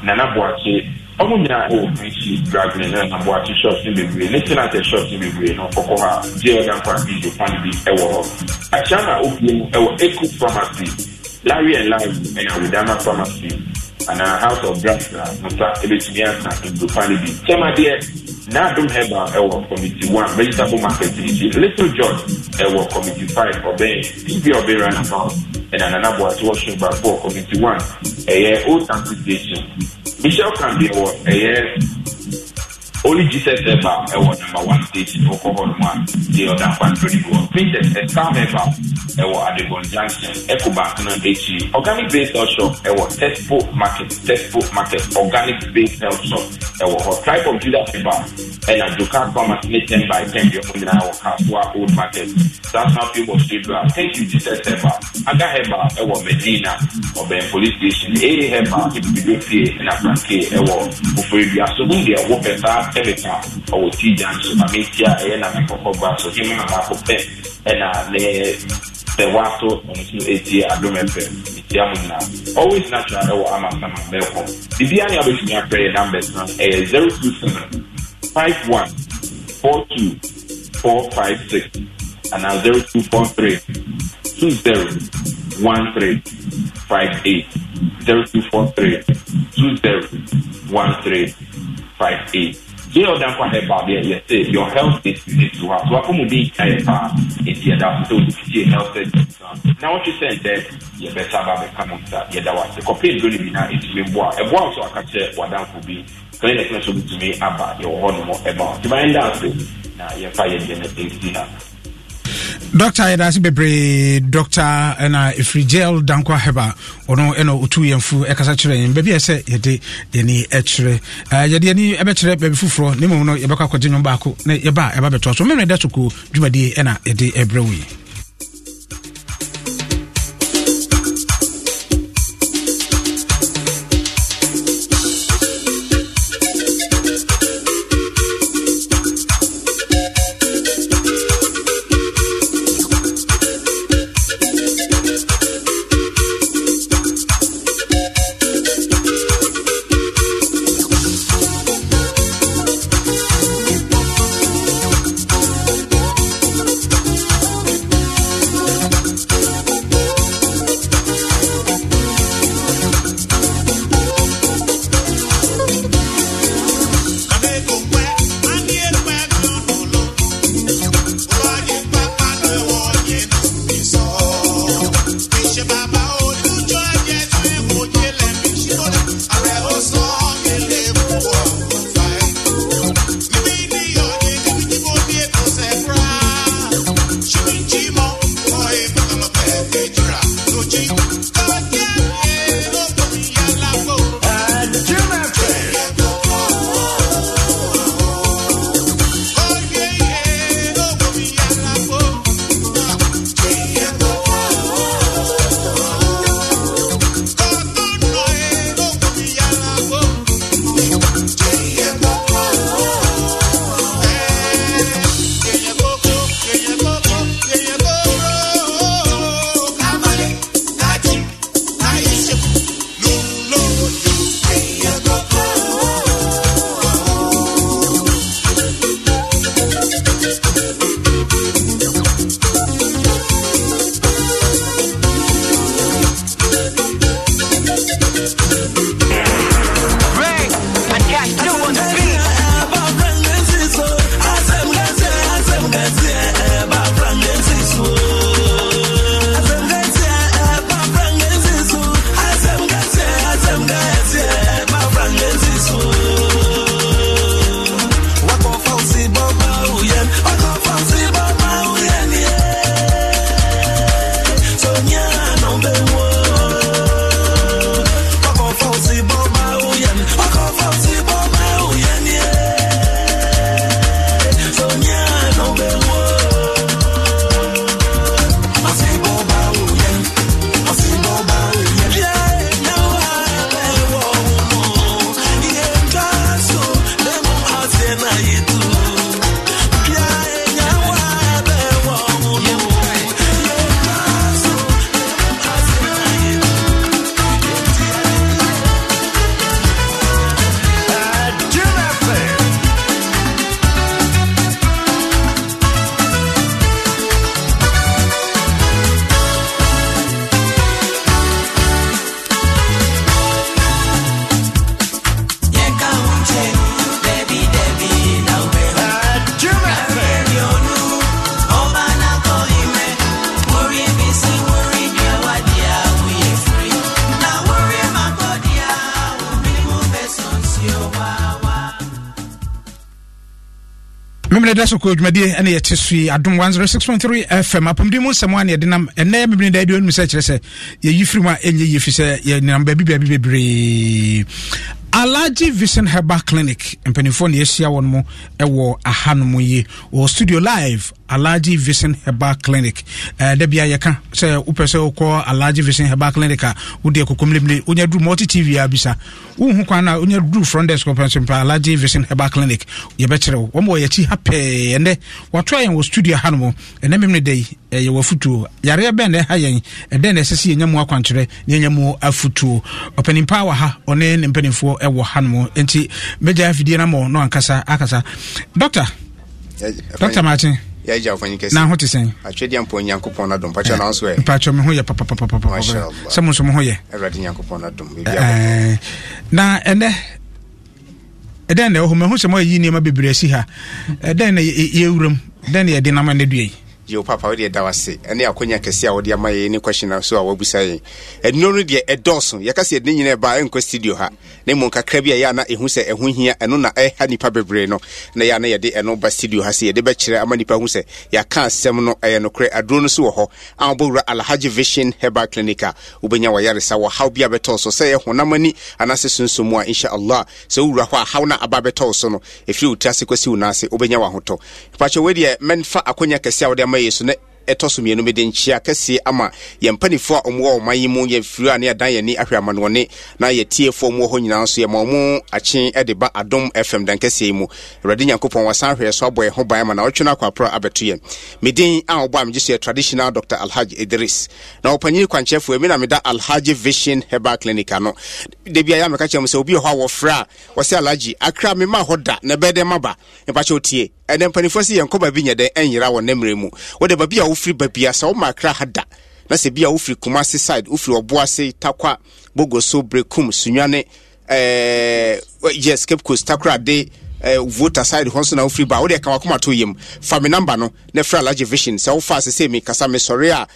Speaker 8: nanaboakye ɔmo nyinaa ɛwɔ kanhyi dragman na naboakye shops no bebree ne senator shops no bebree no kɔkɔ hɔ a gyeɛ ɔda nkɔ abido fan bi ɛwɔ hɔ ahyɛ na opie mu ɛwɔ eku pharmacy larry and larry ɛna wodama pharmacy anaa house of brasa nsa uh, ebetumi asa ndupa no bi kyɛmadeɛ n'adum herbal ɛwɔ committee one vegetable market yi little john ɛwɔ committee five ɔbɛn tv ɔbɛn runabout ɛna nana buhari wɔhyɛ baako four committee one ɛyɛ old town station michelle kambi wɔ ɛyɛ only jesus ever was number one station wɔkɔ hɔ the other one ɔda kwantrɔ ne bi wɔ princess I was at the junction ɛkɔ baako no akyi organic based health shop ɛwɔ tespo market tespo market organic based health shop ɛwɔ hɔ tribe of I ever ɛna come farmers ne ten by ten deɛ ɔmo nyinaa wɔ kasoa old market That's not people street bra thank you jesus ever aga I was medina or Ben police station A aa ever ebibidofie ɛna frankie we are. so mu deɛ wɔpɛ saa africa ɔwɔ tii gya nso na metia ɛyɛ na mekɔkɔ ba so hema a baako pɛ ɛna ne sɛwa so ɔno nso ɛtie adom ɛpɛ metia mo na always natural ɛwɔ amasama bɛkɔ biribia ne abɛtumi apɛ yɛ numbers no ɛyɛ 027 51 42 456 anaa 0243 20 one three five eight zero two four three two zero one three five eight deɛ ɔda nkɔ ahɛ ba deɛ yɛ sɛ your health is is to have e so akɔmu de nka yɛ paa eti ɛda so sɛ odifisie health service na wɔtwe sɛ ntɛ yɛbɛsa ba bɛka mo nsa yɛda wase kɔpɛ nduro ne bi na etumi boa ɛboa nso aka kyerɛ wadanfo bi clinic no so bitumi aba yɛwɔ hɔ nom ɛma ɔtiban da ase na yɛfa yɛn deɛ na esi ha.
Speaker 3: Doctor, yɛda ase bebree dɔctor ɛna ɛfiri gel danko aheba ɔno ɛna ɔtu yɛn fu ɛkasa kyerɛ yɛn baabi a sɛ yɛde yɛni ɛkyerɛ eh, yɛde yɛni ɛbɛkyerɛ baabi foforɔ ne mmom no yɛbɛkɔ akɔgye nwom baako na yɛba ɛba bɛtoa so mmɛmɛ da so dwumadie ɛna yɛde ɛbrɛ wo yi yɛsokɔ adwumadeɛ ɛne yɛte so yi adom 106.3 fm apamde mu nsɛm a ne yɛde nam ɛnɛ mebene da aduanum sɛ kyerɛ sɛ yɛyi firi mu a ɛnyɛ yie fi sɛ yɛnam baabi baabi bebree alaji vision herbal clinic mpanimfoɔ ne yɛahyia wɔ no mu ɛwɔ aha yi wɔ studio live alage vision heba clinic uh, eh, da bia yɛka sɛ wopɛ sɛ wokɔ alage vision heba clinic ah, a wodeɛ kokomlemle wonya duru ma wote tv a ah, bisa wohu kwan no a wonya duru front desk pɛnsɛmpa alage vision heba clinic yɛbɛkyerɛ wo wɔma eh, wɔyɛkyi ha pɛɛ ɛnɛ watoa yɛn wɔ studio ha no mu ɛnɛ mem no dɛ yɛwɔ afotuo yareɛ bɛn na ɛha yɛn ɛdɛn na ɛsɛ sɛ yɛnya mu akwankyerɛ na yɛnya mu afotuo ɔpanimpa wɔ ha ɔne ne mpanimfoɔ ɛwɔ ha no mu enti mɛgya afidie no ma no ankasa akasa dɔctor
Speaker 9: eh, dɔctor martin yɛagya wofanyini kɛsi na ho te sɛn atwedeɛ mpo nyankopɔn no adom pakyɛ na nso ɛ mpatwɛ
Speaker 3: me ho yɛ papapapapa sɛ mo nso mo ho yɛ awurade nyankopɔn no adom na ɛnɛ ɛdɛn na ɛwɔ hɔ mahu sɛ moayi nneɛma bebree asi ha ɛdɛn na yɛwuram dɛn na yɛde nama no dua
Speaker 9: yɛ papa wode ɛda wase ɛne akonya kɛseɛ a wode ama yɛi ne question so a wabusa yɛ ɛno no deɛ ɛdɔɔso yɛka sɛ yɛde nyina ɛba ɛnkɔ studio ha ne mmom kakra bi a yɛ na ɛhu e sɛ e ɛho hia ɛno na ɛha nipa bebree no na yɛ ana yɛde ɛno ba studio ha sɛ yɛde e bɛkyerɛ ama nipa hu sɛ yɛaka asɛm no ɛyɛ nokorɛ aduro no so wɔ hɔ a wobɛwura alhage vision herbal clinic a wobɛnya wɔyaresa wɔ haw bi a bɛtɔɔ so sɛ yɛhonam ani anaasɛ mu a inshallah sɛ wowura hɔ a haw no aba bɛtɔɔ so no ɛfiri wo ti ase kɔsi wo naase wobɛnya wahotɔ pakyɛ wei deɛ mɛmfa akonya kɛseɛ a wode ama ama yesu ne na ɛtɔ so mmienu mede nkyia kɛseɛ ama yɛn mpanifoɔ a ɔmowɔ ɔman yi mu yɛmfiri a ne yɛdan yɛni ahwɛ amanoɔne na yɛtiefoɔ mu wɔ hɔ nyinaa nso yɛma ɔmo akye de ba adom fm dan yi mu awurade nyankopɔn wasan hwɛ so abɔ yɛn ho ban ama na ɔtwe no akwaporɔ abɛto yɛn medin a wɔbɔ a megye so yɛ traditional dr alhaj idris na ɔpanyini kwankyɛfoɔ mi na meda alhaj vision herbal clinic ano da bia yɛ ameka kyerɛ mu sɛ obi wɔ hɔ a wɔfrɛ a wɔsɛ alhaji akra mema hɔ da na ɛbɛdɛ maba mepakyɛ wotie ɛnɛ mpanimfoɔ sɛ yɛn kɔba bi nyɛ dɛn ɛnyera wɔ nɛmmerɛ mu wɔde baabi a wofiri baabi sɛ woma akra ha da na sɛ bi a wofiri kumase side wofiri ɔboase takwa bogoso brekum sunwane ɛɛ yes cape coast takorade ɛɛ vota side hɔ nso na wofiri ba wode ɛka wakoma to yam fa me namba no na ɛfrɛ alagye vision sɛ wofa ase sɛ mi kasa mesɔre a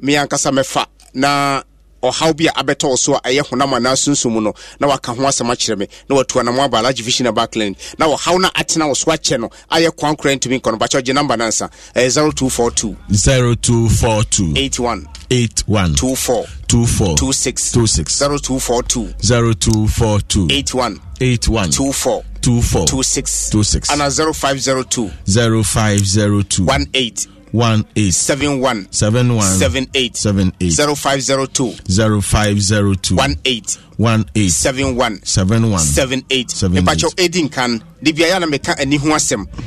Speaker 9: me ankasa mɛfa na ɔhaw bi a abɛtɔ so a ɛyɛ honam anaa sunsum no na waka ho asɛm akyerɛ me na watu anamo aba alagye vision aba clinic na ɔhaw no atena wo so akyɛ no ayɛ kwan kora ntumi nkɔ no bakyɛ ɔgye number no ansa ɛyɛ 0242 0242 81 81 24 24 26 26 0242 0242 81 81 24 24 26 26 and 0502 0502 18 one eight seven one seven one seven eight seven eight zero five zero two zero five zero two one eight one eight seven one seven one seven eight ani ho asɛm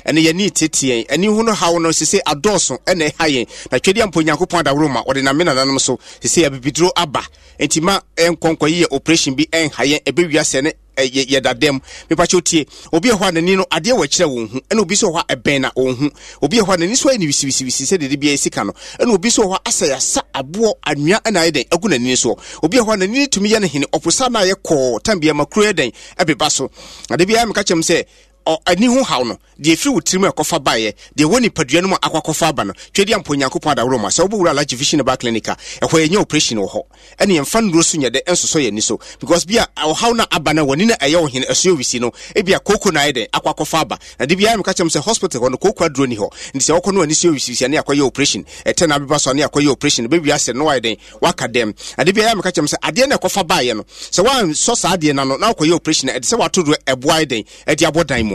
Speaker 9: ɛne yɛn ni ani ho no haw no sese adɔɔso ɛna ɛha yɛn na twɛdi ampo nyankopɔn adaworo ma ɔde name nananom so sese abibiduro aba ntima ɛnkɔnkɔ yiyɛ operation bi ɛnha yɛn ɛbɛwia ne yɛdadam mepakyɛ tie obi ɛhɔ a n'ani no adeɛ wɔakyerɛ wɔn ho ɛna obi so hɔ a ɛbɛn na wɔn ho obi ɛhɔ a n'ani so ayɛ ne wisiwisiwisi sɛ dede biara sika no ɛna obi so hɔ a asɛ yasa aboɔ anwea ɛna ayɛ dɛn agu n'ani soɔ obi ɛhɔ a n'ani tumi yɛ ne hene ɔposa na ayɛ kɔɔ tan biara ma kuro yɛ dɛn ɛbeba so ade biara meka kyɛm sɛ ani ho haw no deɛ ɛfiri wo tirim a ɛkɔfa baeɛ deɛ wɔ nipadua no mu akɔakɔfa aba no twɛde ampo onyankopɔn adaworɔ mu a sɛ wobɛwura alagye vision ba clinica a ɛhɔ yɛnyɛ operation wɔ hɔ ɛne yɛmfa nnuro so nyɛdɛ nsosɔ ni so because bia ɔhaw no aba no wɔni no ɛyɛ wo hene ɛsoɛ wisi no ebia kooko no ayɛ dɛn akɔakɔfa aba na de biara meka kyɛm sɛ hospital hɔ no kooko aduro ni hɔ nti sɛ wɔkɔ no wani soɛ wisiwisi ne akɔyɛ operation ɛtɛ no abeba so ne akɔyɛ operation bɛwia sɛ no ayɛ dɛn waka dɛm na de biara meka kyɛm sɛ adeɛ no ɛkɔfa baeɛ no sɛ woansɔ saa adeɛ na no na wokɔyɛ operation ɛde sɛ wato do ɛboa ayɛ dɛn ɛde abɔ dan mu